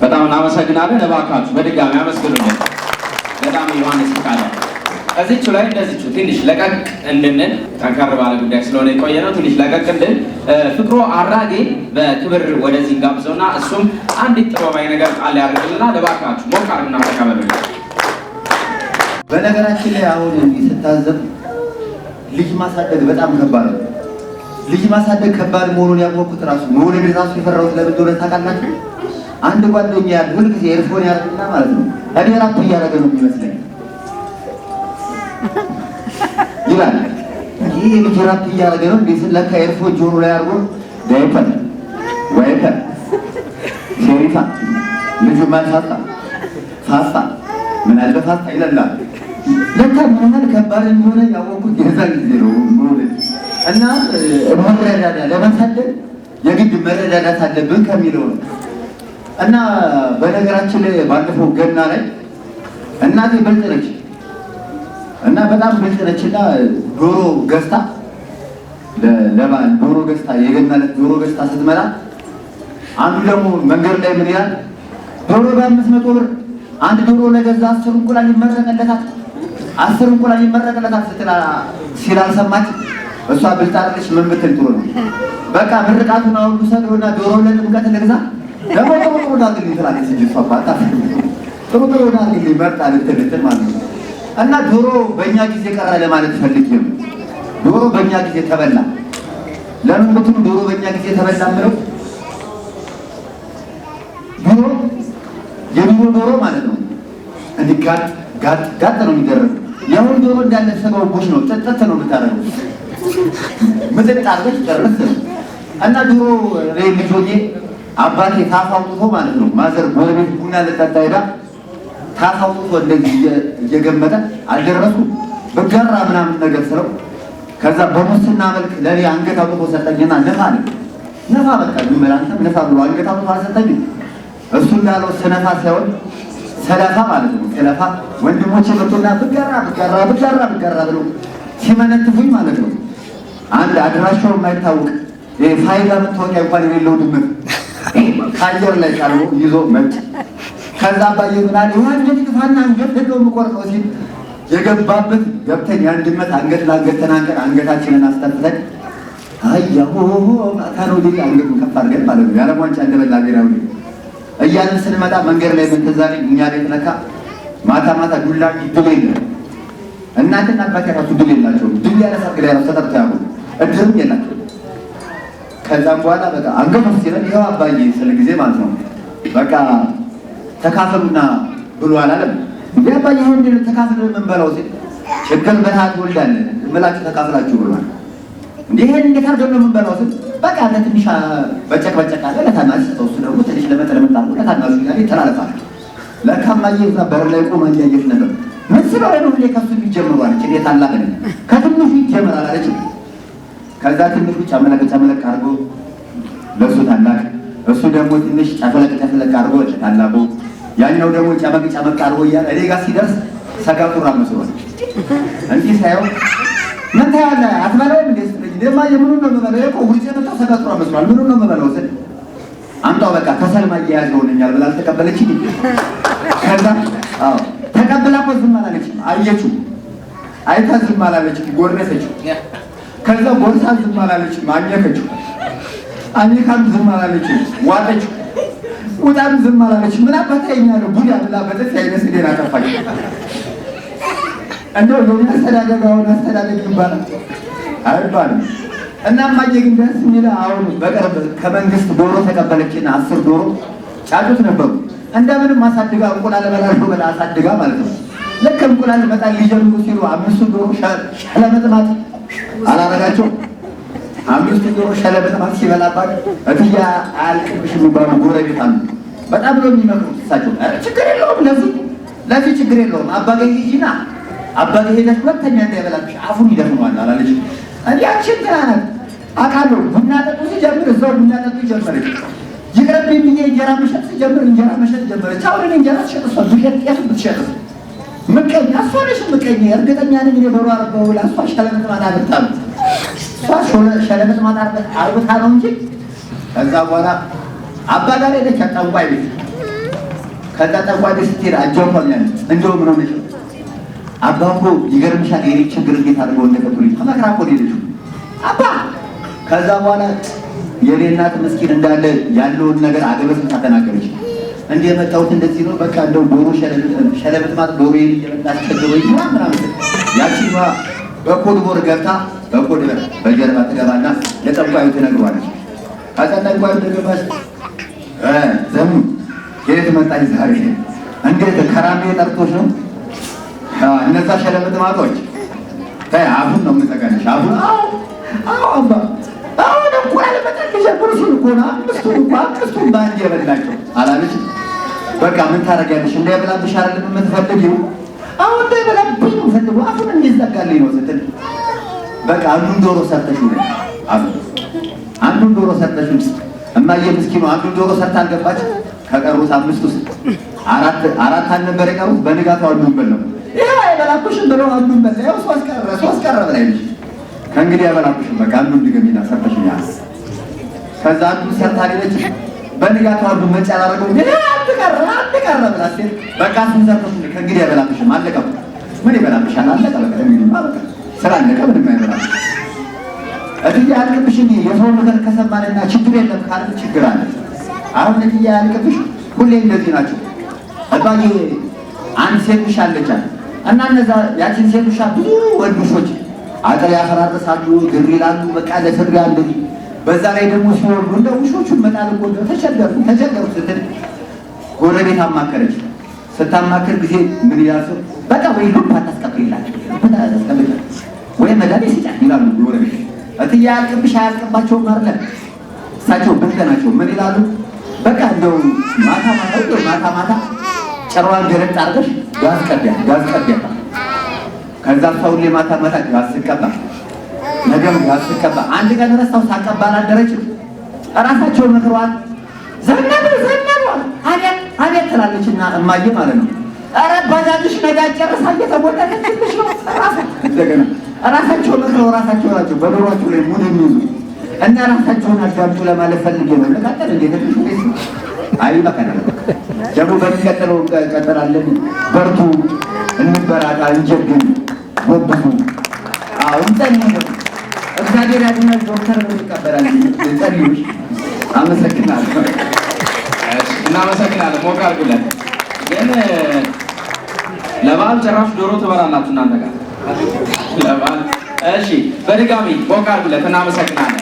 በጣም እናመሰግናለን። እባካችሁ በድጋሚ አመስግኑልን። በጣም ዮሐንስ ፍቃደ እዚቹ ላይ እንደዚቹ ትንሽ ለቀቅ እንድንል ጠንካር ባለ ጉዳይ ስለሆነ የቆየ ነው። ትንሽ ለቀቅ እንድን ፍቅሮ አራጌ በክብር ወደዚህ ጋብዘው ጋብዘውና እሱም አንዲት ጥበባዊ ነገር ቃል ያደርግልና እባካችሁ ሞካር ና ተቀበሉ። በነገራችን ላይ አሁን ስታዘብ ልጅ ማሳደግ በጣም ከባድ ነው። ልጅ ማሳደግ ከባድ መሆኑን ያወቅሁት ራሱ መውለድ ራሱ የፈራሁት ለምን እንደሆነ ታውቃላችሁ? አንድ ጓደኛ ያለ ሁልጊዜ ኤርፎን ያደርግና ማለት ነው እኔ ራፕ እያደረገ ነው የሚመስለኝ ይላል። ይህ ልጅ ራፕ እያደረገ ነው እንዴ? ለካ ኤርፎን ጆሮ ላይ አድርጎ ዳይፐር፣ ዋይፐር፣ ሸሪፋ ልጁ ማሳጣ ፋፋ ምን አለ ፋፋ ይለላ ለካ ምን ያህል ከባድ እንደሆነ ያወቅኩት የዛ ጊዜ ነው። እና መረዳዳ ለማሳደግ የግድ መረዳዳት አለብን ከሚለው ነው እና በነገራችን ላይ ባለፈው ገና ላይ እናቴ ብልጥ ነች እና በጣም ብልጥ ነች እና ዶሮ ገዝታ ለባል ዶሮ ገዝታ የገና ዕለት ዶሮ ገዝታ ስትመጣ አንዱ ደግሞ መንገድ ላይ ምን ይላል? ዶሮ በአምስት መቶ ብር አንድ ዶሮ ለገዛ አስር እንቁላል ይመረቅለታል፣ አስር እንቁላል ይመረቅለታል ስትላ ሲል አልሰማች። እሷ ብልጥ አይደለች። ምን ብትል ጥሩ ነው። በቃ ምርቃቱን አሁን ሰደውና ዶሮ ለጥምቀት ልግዛ ለመቶ አድርግልኝ ትላለች ልጅቷ አባት ጥሩ ጥሩ ናት መርጣ ልትል እንትን ማለት ነው። እና ዶሮ በእኛ ጊዜ ቀራ ለማለት ፈልጌ ዶሮ በእኛ ጊዜ ተበላ። ለምን ብትሉ ዶሮ በእኛ ጊዜ ተበላ ምለው ዶሮ የድሮ ዶሮ ማለት ነው። እንዲህ ጋጥ ጋጥ ጋጥ ነው የሚደረገው። የአሁን ዶሮ እንዳለ ሰበው ጎሽ ነው፣ ጥጥት ነው የምታደርገው። ምጥጥ አድርገሽ ጨርስ እና ዶሮ ልጆዬ አባቴ ታፋ ማለት ነው ማዘር ጎረቤት ቡና ልጠጣ ሄዳ ታፋውቶ አውጥቶ እንደዚህ እየገመጠ አልደረሱ በጋራ ምናምን ነገር ስለው ከዛ በሙስና መልክ ለኔ አንገት አውጥቶ ሰጠኝና ነፋ ነኝ ነፋ በቃ ግመል ነፋ ብሎ አንገት አውጥቶ አሰጠኝ። እሱ እንዳለው ስነፋ ሳይሆን ሰለፋ ማለት ነው። ሰለፋ ወንድሞቼ መጡና ብጋራ ብጋራ ብጋራ ብጋራ ብሎ ሲመነትፉኝ ማለት ነው። አንድ አድራሻው የማይታወቅ ፋይዳ መታወቂያ እንኳን የሌለው ድምፅ ከአየር ላይ ቃል ይዞ መጭ ከዛ አባዬ ምን አለ አንገት ግፋና አንገት ሄዶ የምቆርጠው ሲል የገባበት ገብተን የአንድነት አንገት ለአንገት ተናንቀን አንገታችንን አስጠጥተን አያሆ ታነው ዲ አንገቱን ከፍ አድርገን ማለት ነው የዓለም ዋንጫ እንደበላ ብሔራዊ እያልን ስንመጣ መንገድ ላይ ምን እኛ ቤት ለካ ማታ ማታ ዱላ ድል የለም እናትና አባቴ ራሱ ድል የላቸውም ድል ያነሳ ግላ ራሱ ተጠርቶ ያሉ እድርም የላቸው ከዛም በኋላ በቃ አንገቱ ሲለን ይኸው አባዬ ስለ ጊዜ ማለት ነው በቃ ተካፈሉና ብሎ አላለም። እንዲ አባዬ ይኸው እንዲ ተካፍለን የምንበላው ሲል ችግር በታት ወልዳለን እምላችሁ ተካፍላችሁ ብሏል። እንዲ ይሄን እንዴት አድርገን የምንበላው ሲል በቃ ለትንሽ በጨቅ በጨቅ አለ ለታናሽ ሰው እሱ ደግሞ ትንሽ ለመጠለመጣ ለታናሹ ጋር ይተላለፋል። ለካማዬ በር ላይ ቆማ እያየች ነበር። ምን ስለሆነ ነው ከሱ የሚጀምሩ አለች። እኔ ታላቅ ነኝ ከትንሹ ይጀምራል አለች። ከዛ ትንሹ ጨመለቅ ጨመለቅ አድርጎ ለእሱ ታላቅ፣ እሱ ደግሞ ትንሽ ጨፈለቅ ጨፈለቅ አድርጎ ለታላቁ፣ ያኛው ደግሞ ጨመቅ ጨመቅ አድርጎ እያለ እኔ ጋር ሲደርስ ሰጋጡራ መስሏል። እንዲህ ሳየው ምን ታያለ አትበላውም እንዴ ስትለኝ ደማ የምኑ ነው የምበላው እኮ ውጭ የመጣው ሰጋጡራ መስሏል። ምኑን ነው የምበላው ስል አምጣው በቃ ከሰል ማያያዝ ሆነኛል ብላ አልተቀበለች። ከዛ ተቀብላ እኮ ዝም አላለችም። አየችው አይታ ዝም አላለችም። ጎረሰችው ከዛ ጎርሳ ዝም አላለችም፣ አኘከችው። አኘካም ዝም አላለችም፣ ዋጠችው። ቁጣም ዝም አላለችም። ምን አባታኛ ነው ቡዳ ብላ በጥፍ አይነት ስዴን አጠፋች። እንደው የሆነ አስተዳደግ አሁን አስተዳደግ ይባላል አይባልም። እና እማዬ ግን ደስ የሚል አሁን በቅርብ ከመንግስት ዶሮ ተቀበለችና አስር ዶሮ ጫጩት ነበሩ። እንደምንም አሳድጋ እንቁላል በላሹ በላ አሳድጋ ማለት ነው። ልክ እንቁላል መጣል ሊጀምሩ ሲሉ አምስቱ ዶሮ ሻለመጥማት አላረጋቸው አምስቱ ጆሮ ሸለበት ማለት ሲበላባት እትያ አልቅብሽ የሚባሉ ጎረቤት አሉ። በጣም ነው የሚመክሩት እሳቸው። ችግር የለውም ለዚህ ለዚህ ችግር የለውም አባገኝ ሂጂና አባገ ሄደሽ ሁለተኛ እንዳይበላብሽ አፉን ይደፍነዋል አላለች። እንዲያችን ትናነት አቃለሁ ቡና ጠጡ ሲጀምር እዛው ቡና ጠጡ ጀመረች። ይቅረብ ብዬ እንጀራ መሸጥ ሲጀምር እንጀራ መሸጥ ጀመረች። አሁን እንጀራ ትሸጥሷል እሷ ብሸጥ ጤፍ ብትሸጥ ምቀኛ እሷ ነሽ ምቀኛ። እርግጠኛ ነኝ እኔ ዶሮ አርባ ውላ እሷ ሸለመት ማን አብርታ ነው እሷ ሸለመት ማን አርብታ ነው እንጂ። ከዛ በኋላ አባ ጋር ሄደች ጠንቋይ ቤት። ከዛ ጠንቋይ ቤት ስትሄድ አጀው ኮለን እንደው ምን ሆነሽ አባ እኮ ይገርምሻል፣ የኔ ችግር እንዴት አድርገው እንደፈቱልኝ ተመክራ እኮ ሄደች አባ። ከዛ በኋላ የኔ እናት ምስኪን እንዳለ ያለውን ነገር አገበስታ ተናገረች። እንደ የመጣሁት እንደዚህ ነው። በቃ እንደው ዶሮ ሸለበት ማለት ዶሮ እንዳስቸግሮኝ ምናምን ያቺ በኮድ ቦር ገብታ በኮድ በጀርባ ትገባና ለጠንቋዩ ትነግሯለች። ከዛ ጠንቋዩ ተገባች ዘሙ የት መጣች ዛሬ? እንዴት ከራሜ ጠርቶች ነው እነዛ ሸለበት ማቶች አሁን ነው የምጠቀነሽ አሁን አዎ አባ አሁን እኮ ያለመጠቅሸ ብርሱን እኮ ነው አምስቱን እኮ አምስቱን በአንድ የበላቸው አላለች በቃ ምን ታደርጊያለሽ? እንዳይበላብሽ አይደለም የምትፈልጊው? አሁን እንዳይበላብኝ ነው የምፈልገው። አሁን እንዲዘጋልኝ ነው ስትል በቃ አንዱን ዶሮ ሰርተሽ ነው አሉ። አንዱን ዶሮ ሰርተሽ እማዬ ምስኪኑ አንዱን ዶሮ ሰርታ አልገባች። ከቀሩት አምስት ውስጥ አራት አራት አልነበር የቀሩት። በንጋቱ አንዱን በለው። ይሄ አይበላብሽም ብለው አንዱን በላ። ያው ሶስት ቀረ ሶስት ቀረ ብላኝ ከእንግዲህ አይበላብሽም በቃ አንዱን ድገሚና ሰርተሽ ያስ ከዛ አንዱን ሰርታ ሌለች በንጋቱ አድርጎ መጨራረቁ ግን አትቀር አትቀር ብላ ስትል በቃ ስንሰርቶች ከእንግዲህ አይበላብሽም፣ አለቀ። ምን ይበላብሻል? አለቀ። በቃ የሚሉማ በቃ ስራ አለቀ። ምንም አይበላም። እትዬ አልቅብሽን የሰው ምክር ከሰማንና ችግር የለም ካለ ችግር አለ። አሁን እትዬ አልቅብሽ ሁሌ እንደዚህ ናቸው። እባዬ አንድ ሴት ውሻ አለቻት እና እነዛ ያችን ሴት ውሻ ብዙ ወንድ ውሾች አጥር ያፈራርሳሉ፣ ግር ይላሉ። በቃ ለስር ያለ በዛ ላይ ደግሞ ሲወርዱ እንደ ውሾቹ መጣል እኮ ተቸገርኩ ተቸገርኩ ስትል ጎረቤት አማከረች። ስታማክር ጊዜ ምን ይላል ሰው በቃ ወይ ሉም አታስቀብላቸው ወይ መዳብ ይስጫል ይላሉ ጎረቤት። እትዬ አያልቅብሽ አያልቅባቸውም አለ እሳቸው ብልጥ ናቸው። ምን ይላሉ በቃ እንደው ማታ ማታ እንደው ማታ ማታ ጨሯን ገረጥ አድርገሽ ጋዝ ቀቢያ ጋዝ ቀቢያ ከዛ ሰው ለማታ ማታ ጋዝ ሲቀባ ነገሩ ያስቀባ አንድ ቀን ረስተው ሳቀባ አላደረች እራሳቸውን መክሯት ዘነበ ዘነበ አቤት አቤት ትላለችና እማዬ ማለት ነው። ኧረ ባጃጅሽ ነዳጅ ጨርሳ እየተቦለቀች ትንሽ ነው። እንደገና እራሳቸው መክረው እራሳቸው ናቸው ላይ ሙድ የሚይዙ እና ራሳቸውን አዳምጡ ለማለት ፈልጌ ነው። ለቃጠል እንዴ ትንሽ አይ በቀናል ደግሞ በሚቀጥለው ቀጠላለን። በርቱ፣ እንበራታ፣ እንጀግን፣ ወብቱ አሁን ጠ እግዚአብሔር ያድናል። ዶክተር እንቀበላለን። ጸልዩሽ። አመሰግናለሁ። እናመሰግናለን። ሞቅ አድርጉለን። ግን ለበዓል ጭራሽ ዶሮ ትበላላችሁ እናንተ ጋር ለበዓል። እሺ፣ በድጋሚ ሞቅ አድርጉለት። እናመሰግናለን።